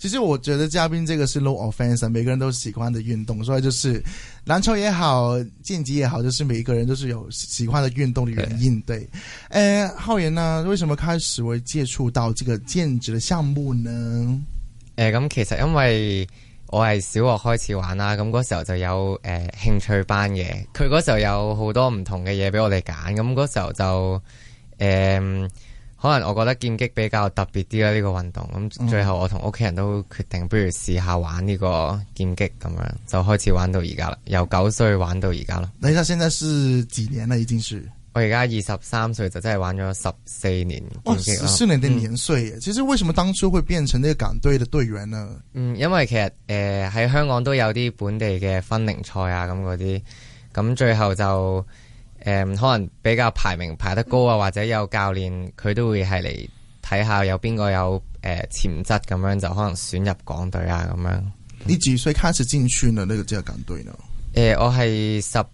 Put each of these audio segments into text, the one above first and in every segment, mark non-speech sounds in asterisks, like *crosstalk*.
其實我覺得嘉賓這個是 no offense 每個人都喜歡的運動，所以就是籃球也好，劍擊也好，就是每一個人都是有喜歡的運動的原因。對，誒、欸，浩然呢，為什麼開始會接觸到這個劍擊的項目呢？誒、呃，咁其實因為我係小學開始玩啦，咁嗰時候就有誒、呃、興趣班嘅，佢嗰時候有好多唔同嘅嘢俾我哋揀，咁嗰時候就誒。呃可能我覺得劍擊比較特別啲啦，呢個運動咁，最後我同屋企人都決定，不如試下玩呢個劍擊咁樣，就開始玩到而家啦，由九歲玩到而家啦。你而家現在是幾年啦？已經是？我而家二十三歲，就真係玩咗十四年劍擊啦，哦，十四年嘅年歲、嗯，其實為什麼當初會變成呢個港隊嘅隊員呢？嗯，因為其實誒、呃、喺香港都有啲本地嘅分齡賽啊，咁嗰啲，咁最後就。誒、呃，可能比較排名排得高啊，或者有教練佢都會係嚟睇下有邊個有誒潛質，咁、呃、樣就可能選入港隊啊，咁、嗯、樣。你幾歲開始進村啊？呢、那個即係港隊呢？誒、呃，我係十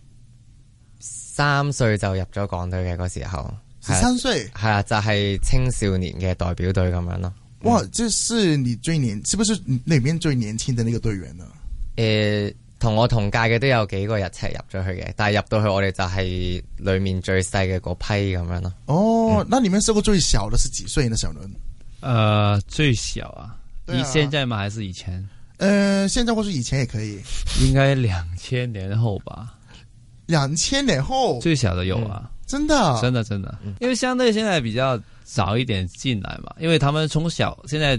三歲就入咗港隊嘅嗰時候，十三歲係啊，就係、是、青少年嘅代表隊咁樣咯、嗯。哇，即係你最年，是不是裏面最年輕嘅呢個隊員啊？誒、呃。同我同屆嘅都有幾個一齊入咗去嘅，但係入到去我哋就係裏面最細嘅嗰批咁樣咯。哦，那你們收個最小的是幾歲呢？小倫？呃，最小啊，啊，以現在嗎？還是以前？呃，現在或者以前也可以。應該兩千年後吧。兩 *laughs* 千年後，最小的有啊、嗯？真的？真的真的，因為相對現在比較早一點進來嘛，因為他們從小現在。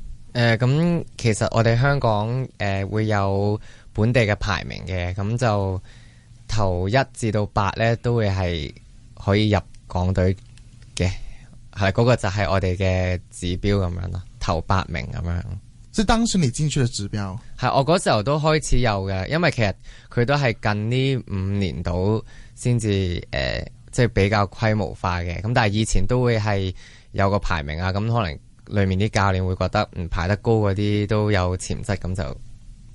誒、呃，咁其實我哋香港誒、呃、會有本地嘅排名嘅，咁就頭一至到八咧都會係可以入港隊嘅，係嗰、那個就係我哋嘅指標咁樣咯，頭八名咁樣。即係當時你進去嘅指標，係我嗰時候都開始有嘅，因為其實佢都係近呢五年度先至誒、即、呃、係、就是、比較規模化嘅，咁但係以前都會係有個排名啊，咁可能。裏面啲教練會覺得唔排得高嗰啲都有潛質，咁就誒、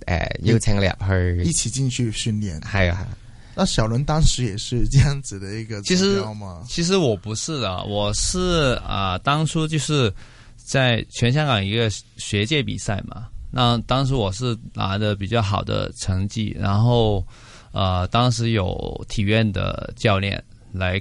呃、邀請你入去，去一，一起進去訓練。係啊，係啊。那小倫當時也是這樣子的一個指標嘛。其實其實我不是啊，我是啊、呃，當初就是在全香港一個學界比賽嘛。那當時我是拿的比較好的成績，然後啊、呃，當時有體院的教練來。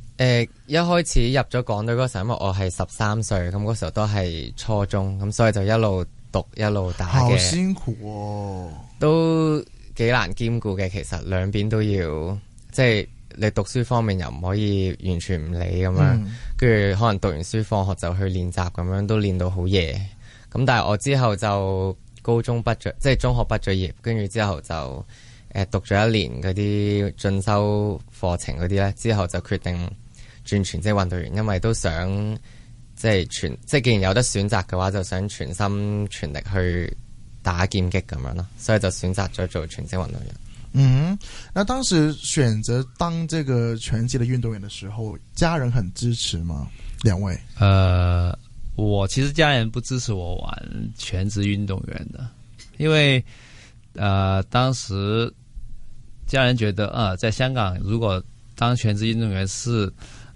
誒，一開始入咗港隊嗰時候，因為我係十三歲，咁嗰時候都係初中，咁所以就一路讀一路打嘅。好辛苦喎，啊，都幾難兼顧嘅。其實兩邊都要，即係你讀書方面又唔可以完全唔理咁樣，跟、嗯、住可能讀完書放學就去練習，咁樣都練到好夜。咁但係我之後就高中畢咗，即係中學畢咗業，跟住之後就誒讀咗一年嗰啲進修課程嗰啲咧，之後就決定。轉全職運動員，因為都想即係全即係既然有得選擇嘅話，就想全心全力去打劍擊咁樣咯，所以就選擇咗做全職運動員。嗯，那當時選擇當這個全職的運動員的時候，家人很支持嗎？兩位？呃，我其實家人不支持我玩全職運動員的，因為，呃，當時家人覺得啊、呃，在香港如果當全職運動員是。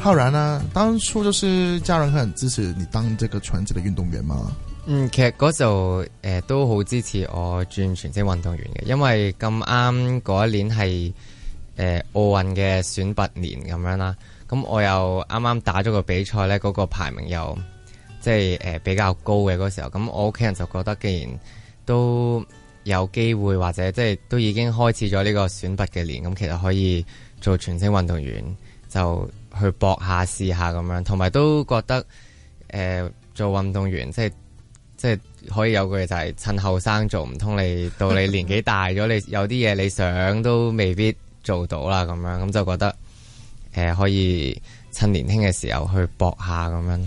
浩然啊，當初就是家人肯支持你當這個全職的運動員嗎？嗯，其實嗰時候誒、呃、都好支持我轉全職運動員嘅，因為咁啱嗰一年係誒、呃、奧運嘅選拔年咁樣啦。咁我又啱啱打咗個比賽呢嗰、嗰個排名又即係誒比較高嘅嗰時候，咁我屋企人就覺得既然都有機會或者即係都已經開始咗呢個選拔嘅年，咁其實可以做全職運動員就。去搏下試下咁樣，同埋都覺得誒、呃、做運動員即係即係可以有句就係、是、趁後生做唔通，你到你年紀大咗，你 *laughs* 有啲嘢你想都未必做到啦咁樣咁、嗯、就覺得誒、呃、可以趁年輕嘅時候去搏下咁樣。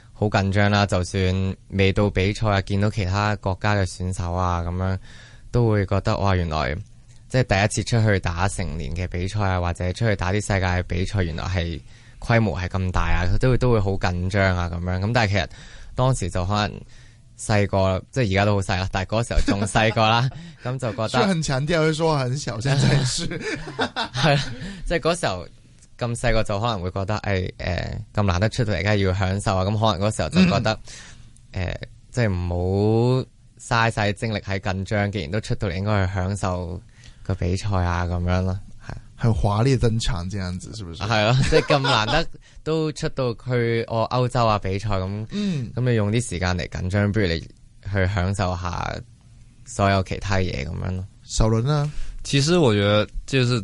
好緊張啦！就算未到比賽啊，見到其他國家嘅選手啊，咁樣都會覺得哇！原來即係第一次出去打成年嘅比賽啊，或者出去打啲世界嘅比賽，原來係規模係咁大啊，都會都會好緊張啊咁樣。咁但係其實當時就可能細個，即係而家都好細啦，但係嗰時候仲細個啦，咁 *laughs* 就覺得。很強調，又話很小，真 *laughs* 真是。係即係嗰時候。咁細個就可能會覺得誒誒咁難得出到嚟，梗係要享受啊！咁可能嗰時候就覺得誒，即係唔好嘥晒精力喺緊張。既然都出到嚟，應該去享受個比賽啊，咁樣咯，係去華麗登場，這樣子，是不是？係即係咁難得都出到去我歐、哦、洲啊比賽咁，咁你、嗯、用啲時間嚟緊張，不如你去享受下所有其他嘢咁樣咯。首輪啊，其實我覺得就係。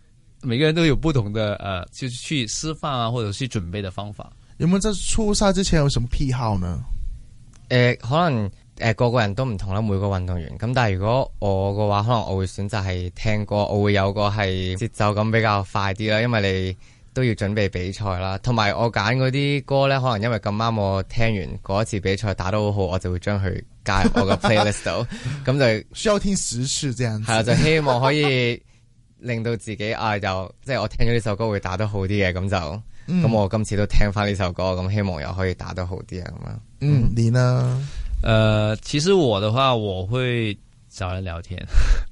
每個人都有不同的，誒、呃，就是去釋放啊，或者去準備的方法。有冇在出賽之前有什麼癖好呢？誒、呃，可能誒個、呃、個人都唔同啦，每個運動員。咁但係如果我嘅話，可能我會選擇係聽歌，我會有個係節奏感比較快啲啦，因為你都要準備比賽啦。同埋我揀嗰啲歌呢，可能因為咁啱我聽完嗰一次比賽打得好好，我就會將佢加入我嘅 playlist 度， *laughs* 咁就需要聽十次，這樣係就希望可以。令到自己啊、哎，就即、是、係我聽咗呢首歌會打得好啲嘅，咁就咁、嗯、我今次都聽翻呢首歌，咁希望又可以打得好啲啊咁啊。嗯，你呢？呃，其實我的話我會找人聊天，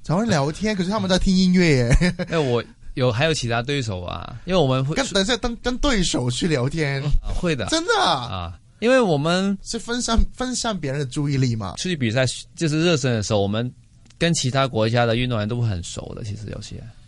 找人聊天， *laughs* 可是他們在聽音樂。哎 *laughs* 我有還有其他對手啊，因為我們會跟等一下跟對手去聊天，啊，會的，真的啊，啊因為我們是分散分散別人的注意力嘛。出去比賽就是熱身的時候，我們跟其他國家的運動員都會很熟的，其實有些。